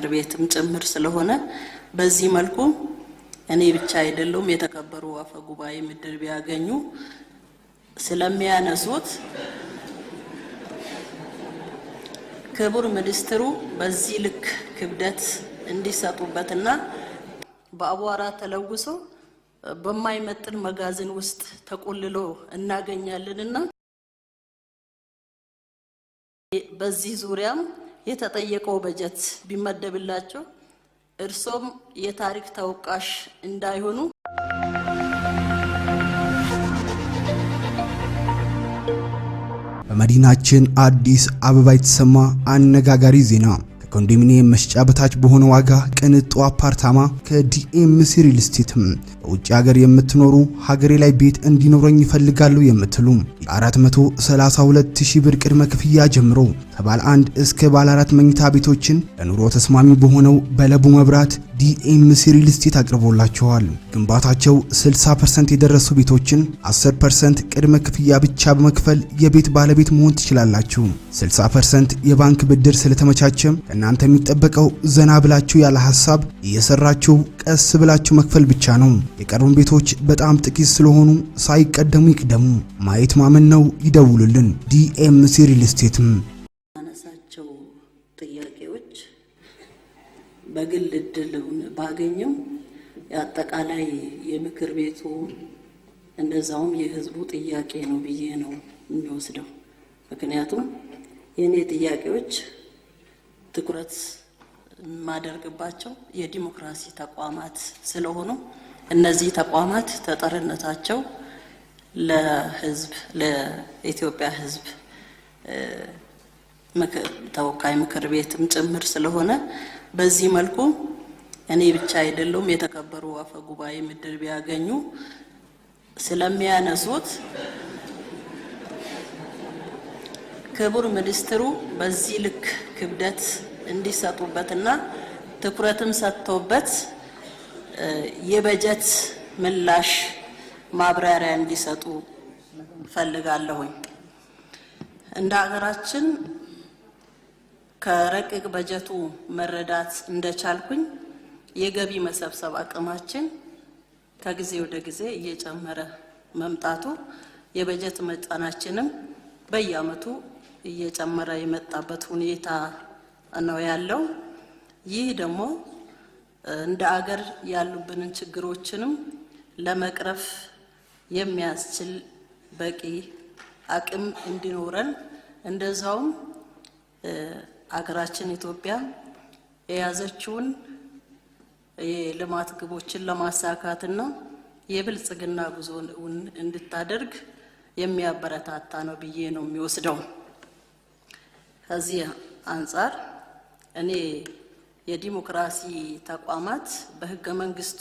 ምክር ቤትም ጭምር ስለሆነ በዚህ መልኩ እኔ ብቻ አይደለውም የተከበሩ አፈ ጉባኤ ምድር ቢያገኙ ስለሚያነሱት ክቡር ሚኒስትሩ በዚህ ልክ ክብደት እንዲሰጡበትና በአቧራ ተለውሶ በማይመጥን መጋዘን ውስጥ ተቆልሎ እናገኛለንና በዚህ ዙሪያም የተጠየቀው በጀት ቢመደብላቸው እርሶም የታሪክ ተወቃሽ እንዳይሆኑ በመዲናችን አዲስ አበባ የተሰማ አነጋጋሪ ዜና ከኮንዶሚኒየም መሸጫ በታች በሆነ ዋጋ ቅንጡ አፓርታማ ከዲኤምሲ ሪል ስቴትም በውጭ ሀገር የምትኖሩ ሀገሬ ላይ ቤት እንዲኖረኝ ይፈልጋለሁ የምትሉ ከ432000 ብር ቅድመ ክፍያ ጀምሮ ከባለ አንድ እስከ ባለ አራት መኝታ ቤቶችን ለኑሮ ተስማሚ በሆነው በለቡ መብራት ዲኤምሲ ሪል ስቴት አቅርቦላቸዋል። ግንባታቸው 60% የደረሱ ቤቶችን 10% ቅድመ ክፍያ ብቻ በመክፈል የቤት ባለቤት መሆን ትችላላችሁ። 60% የባንክ ብድር ስለተመቻቸም ከእናንተ የሚጠበቀው ዘና ብላችሁ ያለ ሀሳብ እየሰራችሁ ቀስ ብላችሁ መክፈል ብቻ ነው። የቀሩን ቤቶች በጣም ጥቂት ስለሆኑ ሳይቀደሙ ይቅደሙ። ማየት ማመን ነው። ይደውሉልን። ዲኤምሲ ሪል ስቴትም አነሳቸው ጥያቄዎች በግል እድል ባገኘው የአጠቃላይ የምክር ቤቱ እንደዛውም የህዝቡ ጥያቄ ነው ብዬ ነው የሚወስደው። ምክንያቱም የእኔ ጥያቄዎች ትኩረት የማደርግባቸው የዲሞክራሲ ተቋማት ስለሆኑ እነዚህ ተቋማት ተጠርነታቸው ለህዝብ ለኢትዮጵያ ህዝብ ተወካይ ምክር ቤትም ጭምር ስለሆነ በዚህ መልኩ እኔ ብቻ አይደለም የተከበሩ አፈ ጉባኤ ምድር ቢያገኙ ስለሚያነሱት ክቡር ሚኒስትሩ በዚህ ልክ ክብደት እንዲሰጡበትና ትኩረትም ሰጥቶበት የበጀት ምላሽ ማብራሪያ እንዲሰጡ ፈልጋለሁኝ። እንደ ሀገራችን ከረቂቅ በጀቱ መረዳት እንደቻልኩኝ የገቢ መሰብሰብ አቅማችን ከጊዜ ወደ ጊዜ እየጨመረ መምጣቱ የበጀት መጠናችንም በየዓመቱ እየጨመረ የመጣበት ሁኔታ ነው ያለው። ይህ ደግሞ እንደ አገር ያሉብንን ችግሮችንም ለመቅረፍ የሚያስችል በቂ አቅም እንዲኖረን እንደዛውም አገራችን ኢትዮጵያ የያዘችውን የልማት ግቦችን ለማሳካትና የብልጽግና ጉዞን እንድታደርግ የሚያበረታታ ነው ብዬ ነው የሚወስደው። ከዚህ አንጻር እኔ የዲሞክራሲ ተቋማት በህገ መንግስቱ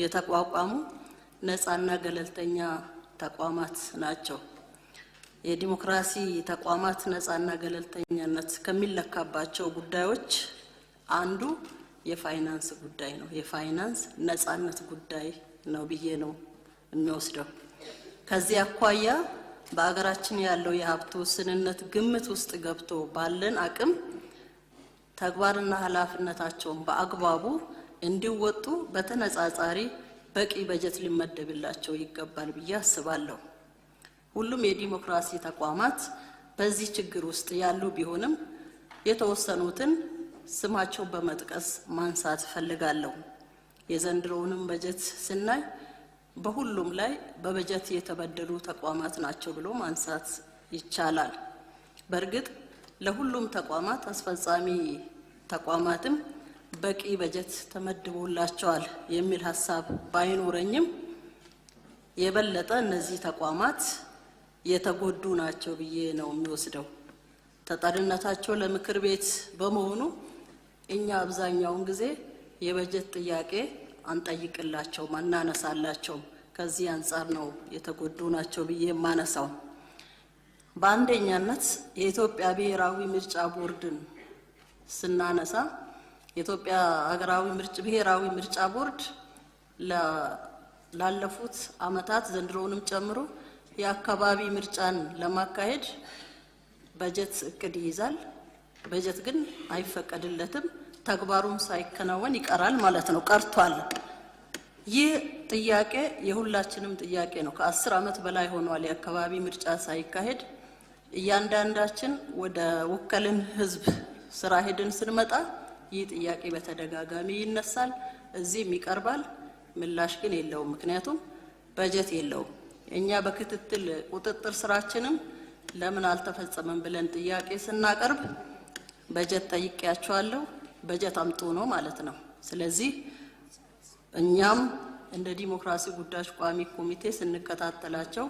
የተቋቋሙ ነፃና ገለልተኛ ተቋማት ናቸው። የዲሞክራሲ ተቋማት ነፃና ገለልተኛነት ከሚለካባቸው ጉዳዮች አንዱ የፋይናንስ ጉዳይ ነው። የፋይናንስ ነፃነት ጉዳይ ነው ብዬ ነው የሚወስደው። ከዚህ አኳያ በሀገራችን ያለው የሀብት ውስንነት ግምት ውስጥ ገብቶ ባለን አቅም ተግባርና ኃላፊነታቸውን በአግባቡ እንዲወጡ በተነጻጻሪ በቂ በጀት ሊመደብላቸው ይገባል ብዬ አስባለሁ። ሁሉም የዲሞክራሲ ተቋማት በዚህ ችግር ውስጥ ያሉ ቢሆንም የተወሰኑትን ስማቸው በመጥቀስ ማንሳት እፈልጋለሁ። የዘንድሮውንም በጀት ስናይ በሁሉም ላይ በበጀት የተበደሉ ተቋማት ናቸው ብሎ ማንሳት ይቻላል። በእርግጥ ለሁሉም ተቋማት አስፈጻሚ ተቋማትም በቂ በጀት ተመድቦላቸዋል የሚል ሀሳብ ባይኖረኝም የበለጠ እነዚህ ተቋማት የተጎዱ ናቸው ብዬ ነው የሚወስደው። ተጠሪነታቸው ለምክር ቤት በመሆኑ እኛ አብዛኛውን ጊዜ የበጀት ጥያቄ አንጠይቅላቸውም፣ አናነሳላቸውም። ከዚህ አንጻር ነው የተጎዱ ናቸው ብዬ የማነሳው። በአንደኛነት የኢትዮጵያ ብሔራዊ ምርጫ ቦርድን ስናነሳ የኢትዮጵያ ሀገራዊ ምርጭ ብሔራዊ ምርጫ ቦርድ ላለፉት አመታት ዘንድሮውንም ጨምሮ የአካባቢ ምርጫን ለማካሄድ በጀት እቅድ ይይዛል። በጀት ግን አይፈቀድለትም፣ ተግባሩም ሳይከናወን ይቀራል ማለት ነው፣ ቀርቷል። ይህ ጥያቄ የሁላችንም ጥያቄ ነው። ከአስር አመት በላይ ሆኗል የአካባቢ ምርጫ ሳይካሄድ። እያንዳንዳችን ወደ ወከልን ህዝብ ስራ ሄድን ስንመጣ ይህ ጥያቄ በተደጋጋሚ ይነሳል፣ እዚህም ይቀርባል፣ ምላሽ ግን የለውም። ምክንያቱም በጀት የለውም። እኛ በክትትል ቁጥጥር ስራችንም ለምን አልተፈጸመም ብለን ጥያቄ ስናቀርብ በጀት ጠይቄያቸዋለሁ፣ በጀት አምጡ ነው ማለት ነው። ስለዚህ እኛም እንደ ዲሞክራሲ ጉዳዮች ቋሚ ኮሚቴ ስንከታተላቸው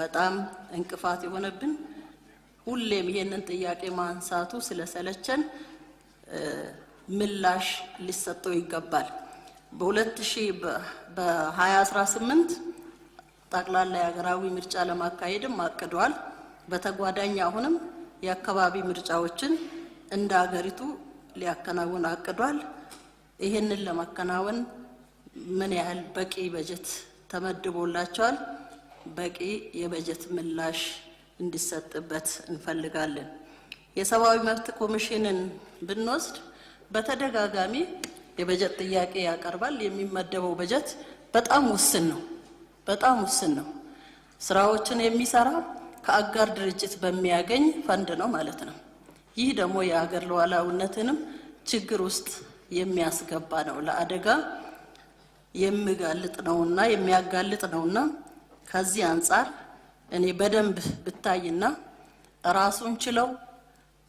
በጣም እንቅፋት የሆነብን ሁሌም ይሄንን ጥያቄ ማንሳቱ ስለሰለቸን ምላሽ ሊሰጠው ይገባል። በ2018 ጠቅላላ የሀገራዊ ምርጫ ለማካሄድም አቅደዋል። በተጓዳኝ አሁንም የአካባቢ ምርጫዎችን እንደ ሀገሪቱ ሊያከናውን አቅዷል። ይህንን ለማከናወን ምን ያህል በቂ በጀት ተመድቦላቸዋል? በቂ የበጀት ምላሽ እንዲሰጥበት እንፈልጋለን። የሰብአዊ መብት ኮሚሽንን ብንወስድ በተደጋጋሚ የበጀት ጥያቄ ያቀርባል። የሚመደበው በጀት በጣም ውስን ነው፣ በጣም ውስን ነው። ስራዎችን የሚሰራ ከአጋር ድርጅት በሚያገኝ ፈንድ ነው ማለት ነው። ይህ ደግሞ የሀገር ሉዓላዊነትንም ችግር ውስጥ የሚያስገባ ነው፣ ለአደጋ የሚጋልጥ ነውና የሚያጋልጥ ነውና ከዚህ አንጻር እኔ በደንብ ብታይና ራሱን ችለው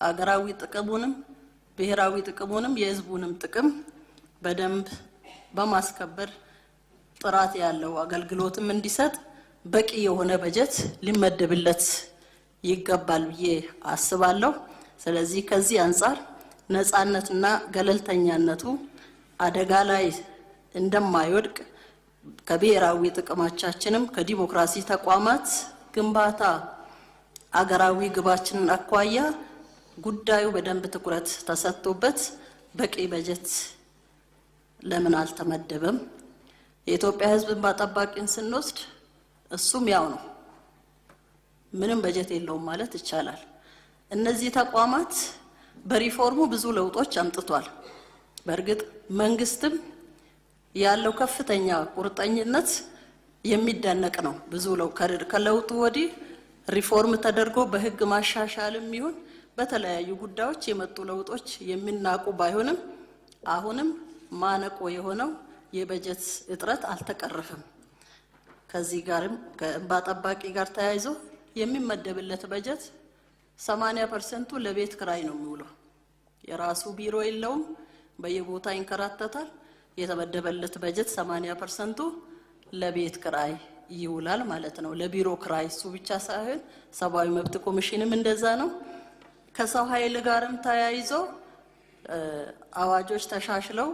አገራዊ ጥቅሙንም ብሔራዊ ጥቅሙንም የህዝቡንም ጥቅም በደንብ በማስከበር ጥራት ያለው አገልግሎትም እንዲሰጥ በቂ የሆነ በጀት ሊመደብለት ይገባል ብዬ አስባለሁ። ስለዚህ ከዚህ አንጻር ነጻነትና ገለልተኛነቱ አደጋ ላይ እንደማይወድቅ ከብሔራዊ ጥቅማቻችንም ከዲሞክራሲ ተቋማት ግንባታ አገራዊ ግባችንን አኳያ ጉዳዩ በደንብ ትኩረት ተሰጥቶበት በቂ በጀት ለምን አልተመደበም? የኢትዮጵያ ሕዝብ እንባ ጠባቂን ስንወስድ እሱም ያው ነው፣ ምንም በጀት የለውም ማለት ይቻላል። እነዚህ ተቋማት በሪፎርሙ ብዙ ለውጦች አምጥቷል። በእርግጥ መንግስትም ያለው ከፍተኛ ቁርጠኝነት የሚደነቅ ነው። ብዙ ለው ከለውጡ ወዲህ ሪፎርም ተደርጎ በህግ ማሻሻልም ይሁን በተለያዩ ጉዳዮች የመጡ ለውጦች የሚናቁ ባይሆንም አሁንም ማነቆ የሆነው የበጀት እጥረት አልተቀረፈም። ከዚህ ጋርም ከእንባ ጠባቂ ጋር ተያይዞ የሚመደብለት በጀት 80 ፐርሰንቱ ለቤት ክራይ ነው የሚውለው። የራሱ ቢሮ የለውም፣ በየቦታ ይንከራተታል። የተመደበለት በጀት 80 ፐርሰንቱ ለቤት ክራይ ይውላል ማለት ነው። ለቢሮ ክራይ እሱ ብቻ ሳይሆን ሰብአዊ መብት ኮሚሽንም እንደዛ ነው። ከሰው ኃይል ጋርም ተያይዞ አዋጆች ተሻሽለው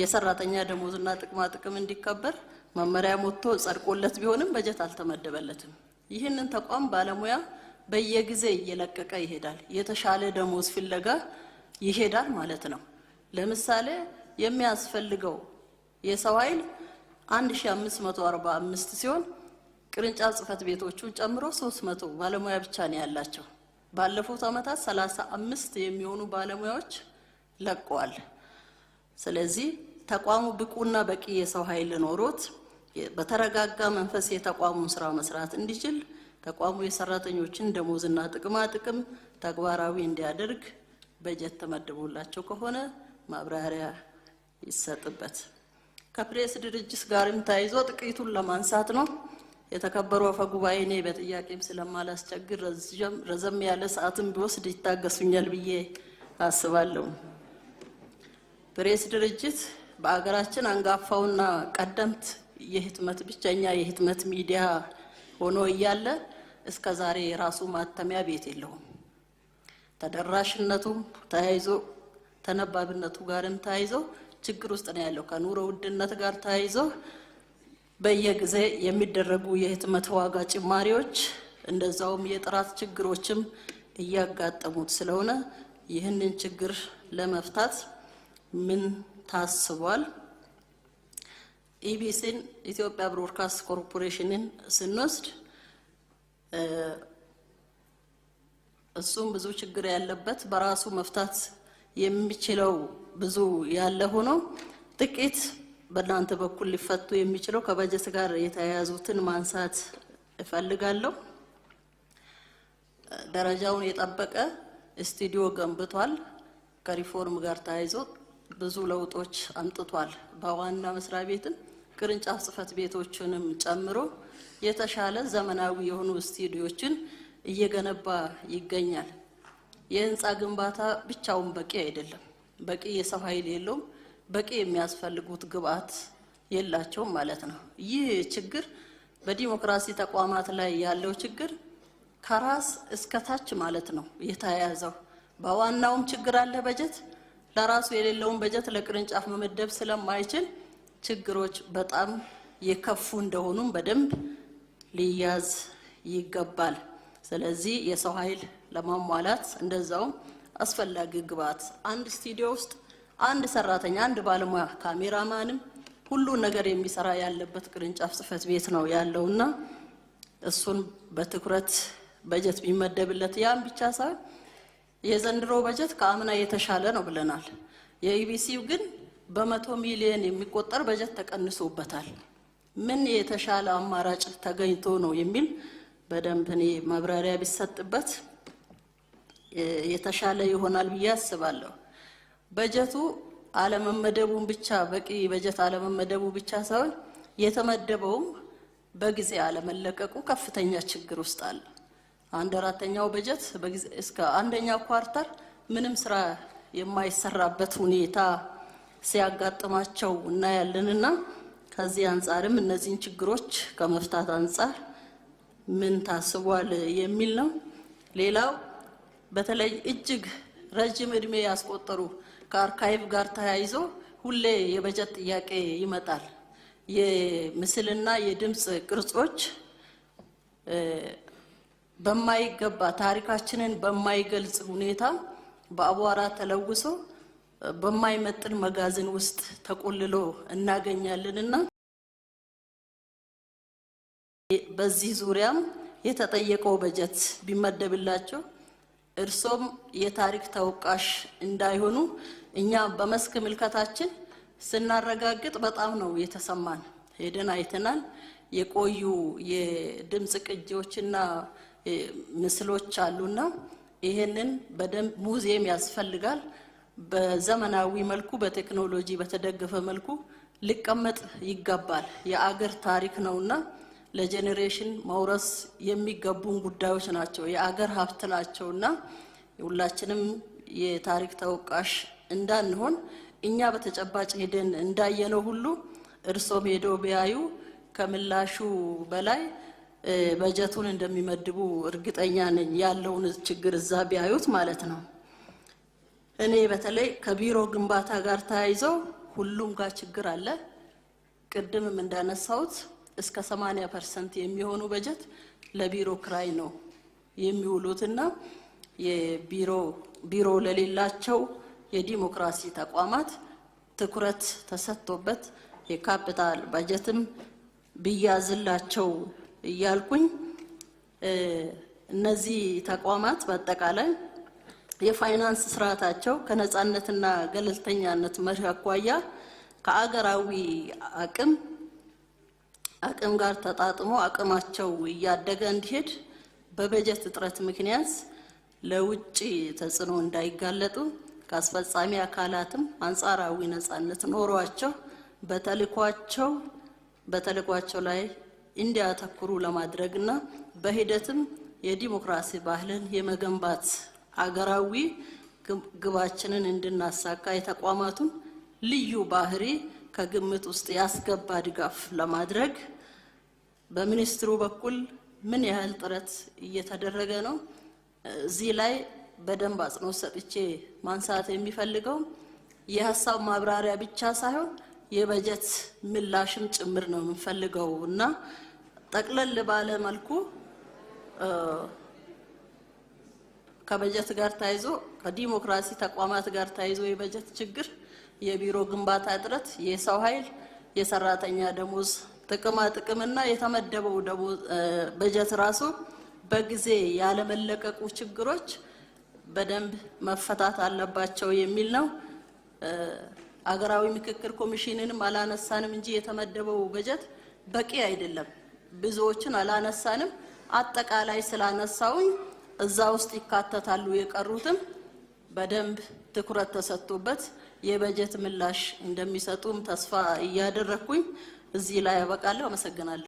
የሰራተኛ ደሞዝና ጥቅማ ጥቅም እንዲከበር መመሪያ ሞቶ ጸድቆለት ቢሆንም በጀት አልተመደበለትም። ይህንን ተቋም ባለሙያ በየጊዜ እየለቀቀ ይሄዳል። የተሻለ ደሞዝ ፍለጋ ይሄዳል ማለት ነው። ለምሳሌ የሚያስፈልገው የሰው ኃይል 1545 ሲሆን ቅርንጫፍ ጽህፈት ቤቶቹን ጨምሮ 300 ባለሙያ ብቻ ነው ያላቸው። ባለፉት ዓመታት 35 የሚሆኑ ባለሙያዎች ለቀዋል። ስለዚህ ተቋሙ ብቁና በቂ የሰው ኃይል ኖሮት በተረጋጋ መንፈስ የተቋሙን ስራ መስራት እንዲችል ተቋሙ የሰራተኞችን ደሞዝና ጥቅማ ጥቅም ተግባራዊ እንዲያደርግ በጀት ተመድቦላቸው ከሆነ ማብራሪያ ይሰጥበት። ከፕሬስ ድርጅት ጋርም ተያይዞ ጥቂቱን ለማንሳት ነው። የተከበሩ አፈ ጉባኤ፣ እኔ በጥያቄም ስለማላስቸግር ረዘም ያለ ሰዓትን ቢወስድ ይታገሱኛል ብዬ አስባለሁ። ፕሬስ ድርጅት በአገራችን አንጋፋውና ቀደምት የህትመት ብቸኛ የህትመት ሚዲያ ሆኖ እያለ እስከ ዛሬ የራሱ ማተሚያ ቤት የለውም። ተደራሽነቱ ተያይዞ ተነባቢነቱ ጋርም ተያይዞ ችግር ውስጥ ነው ያለው። ከኑሮ ውድነት ጋር ተያይዞ በየጊዜ የሚደረጉ የህትመት ዋጋ ጭማሪዎች፣ እንደዛውም የጥራት ችግሮችም እያጋጠሙት ስለሆነ ይህንን ችግር ለመፍታት ምን ታስቧል? ኢቢሲን ኢትዮጵያ ብሮድካስት ኮርፖሬሽንን ስንወስድ እሱም ብዙ ችግር ያለበት በራሱ መፍታት የሚችለው ብዙ ያለ ሆኖ ጥቂት በእናንተ በኩል ሊፈቱ የሚችለው ከበጀት ጋር የተያያዙትን ማንሳት እፈልጋለሁ። ደረጃውን የጠበቀ ስቱዲዮ ገንብቷል። ከሪፎርም ጋር ተያይዞ ብዙ ለውጦች አምጥቷል። በዋና መስሪያ ቤትም ቅርንጫፍ ጽህፈት ቤቶችንም ጨምሮ የተሻለ ዘመናዊ የሆኑ ስቱዲዮችን እየገነባ ይገኛል። የህንፃ ግንባታ ብቻውን በቂ አይደለም። በቂ የሰው ኃይል የለውም፣ በቂ የሚያስፈልጉት ግብአት የላቸውም ማለት ነው። ይህ ችግር በዲሞክራሲ ተቋማት ላይ ያለው ችግር ከራስ እስከ ታች ማለት ነው የተያያዘው። በዋናውም ችግር አለ። በጀት ለራሱ የሌለውን በጀት ለቅርንጫፍ መመደብ ስለማይችል ችግሮች በጣም የከፉ እንደሆኑም በደንብ ሊያዝ ይገባል። ስለዚህ የሰው ኃይል ለማሟላት እንደዛውም አስፈላጊ ግብዓት አንድ ስቱዲዮ ውስጥ አንድ ሰራተኛ፣ አንድ ባለሙያ ካሜራማንም ሁሉን ነገር የሚሰራ ያለበት ቅርንጫፍ ጽህፈት ቤት ነው ያለው እና እሱን በትኩረት በጀት ቢመደብለት ያም ብቻ ሳይሆን የዘንድሮ በጀት ከአምና የተሻለ ነው ብለናል። የኢቢሲው ግን በመቶ ሚሊዮን የሚቆጠር በጀት ተቀንሶበታል። ምን የተሻለ አማራጭ ተገኝቶ ነው የሚል በደንብ እኔ ማብራሪያ ቢሰጥበት የተሻለ ይሆናል ብዬ አስባለሁ። በጀቱ አለመመደቡን ብቻ በቂ በጀት አለመመደቡ ብቻ ሳይሆን የተመደበውም በጊዜ አለመለቀቁ ከፍተኛ ችግር ውስጥ አለ። አንድ አራተኛው በጀት እስከ አንደኛ ኳርተር ምንም ስራ የማይሰራበት ሁኔታ ሲያጋጥማቸው እናያለንና ከዚህ አንጻርም እነዚህን ችግሮች ከመፍታት አንጻር ምን ታስቧል የሚል ነው። ሌላው በተለይ እጅግ ረዥም እድሜ ያስቆጠሩ ከአርካይቭ ጋር ተያይዞ ሁሌ የበጀት ጥያቄ ይመጣል። የምስልና የድምፅ ቅርጾች በማይገባ ታሪካችንን በማይገልጽ ሁኔታ በአቧራ ተለውሶ በማይመጥን መጋዘን ውስጥ ተቆልሎ እናገኛለንና በዚህ ዙሪያም የተጠየቀው በጀት ቢመደብላቸው እርሶም የታሪክ ተወቃሽ እንዳይሆኑ እኛ በመስክ ምልከታችን ስናረጋግጥ በጣም ነው የተሰማን። ሄደን አይተናል። የቆዩ የድምፅ ቅጂዎችና ምስሎች አሉና ይህንን በደንብ ሙዚየም ያስፈልጋል። በዘመናዊ መልኩ በቴክኖሎጂ በተደገፈ መልኩ ሊቀመጥ ይገባል። የአገር ታሪክ ነውና ለጄኔሬሽን መውረስ የሚገቡን ጉዳዮች ናቸው። የአገር ሀብት ናቸው እና ሁላችንም የታሪክ ተወቃሽ እንዳንሆን እኛ በተጨባጭ ሄደን እንዳየነው ሁሉ እርሶም ሄዶ ቢያዩ ከምላሹ በላይ በጀቱን እንደሚመድቡ እርግጠኛ ነኝ። ያለውን ችግር እዛ ቢያዩት ማለት ነው። እኔ በተለይ ከቢሮ ግንባታ ጋር ተያይዘው ሁሉም ጋር ችግር አለ። ቅድምም እንዳነሳሁት እስከ 80 ፐርሰንት የሚሆኑ በጀት ለቢሮ ክራይ ነው የሚውሉትና የቢሮ ቢሮ ለሌላቸው የዲሞክራሲ ተቋማት ትኩረት ተሰጥቶበት የካፒታል በጀትም ብያዝላቸው እያልኩኝ እነዚህ ተቋማት በአጠቃላይ የፋይናንስ ስርዓታቸው ከነጻነትና ገለልተኛነት መርህ አኳያ ከአገራዊ አቅም አቅም ጋር ተጣጥሞ አቅማቸው እያደገ እንዲሄድ በበጀት እጥረት ምክንያት ለውጭ ተጽዕኖ እንዳይጋለጡ ከአስፈጻሚ አካላትም አንጻራዊ ነጻነት ኖሯቸው በተልኳቸው በተልኳቸው ላይ እንዲያተኩሩ ለማድረግና በሂደትም የዲሞክራሲ ባህልን የመገንባት አገራዊ ግባችንን እንድናሳካ የተቋማቱን ልዩ ባህሪ ከግምት ውስጥ ያስገባ ድጋፍ ለማድረግ በሚኒስትሩ በኩል ምን ያህል ጥረት እየተደረገ ነው? እዚህ ላይ በደንብ አጽንኦት ሰጥቼ ማንሳት የሚፈልገው የሀሳብ ማብራሪያ ብቻ ሳይሆን የበጀት ምላሽም ጭምር ነው የምንፈልገው እና ጠቅለል ባለ መልኩ ከበጀት ጋር ተያይዞ ከዲሞክራሲ ተቋማት ጋር ተያይዞ የበጀት ችግር፣ የቢሮ ግንባታ እጥረት፣ የሰው ኃይል፣ የሰራተኛ ደሞዝ ጥቅማ ጥቅምና የተመደበው በጀት ራሱ በጊዜ ያለመለቀቁ ችግሮች በደንብ መፈታት አለባቸው የሚል ነው። አገራዊ ምክክር ኮሚሽንንም አላነሳንም እንጂ የተመደበው በጀት በቂ አይደለም። ብዙዎችን አላነሳንም። አጠቃላይ ስላነሳውኝ እዛ ውስጥ ይካተታሉ። የቀሩትም በደንብ ትኩረት ተሰጥቶበት የበጀት ምላሽ እንደሚሰጡም ተስፋ እያደረግኩኝ እዚህ ላይ ያበቃለሁ። አመሰግናለሁ።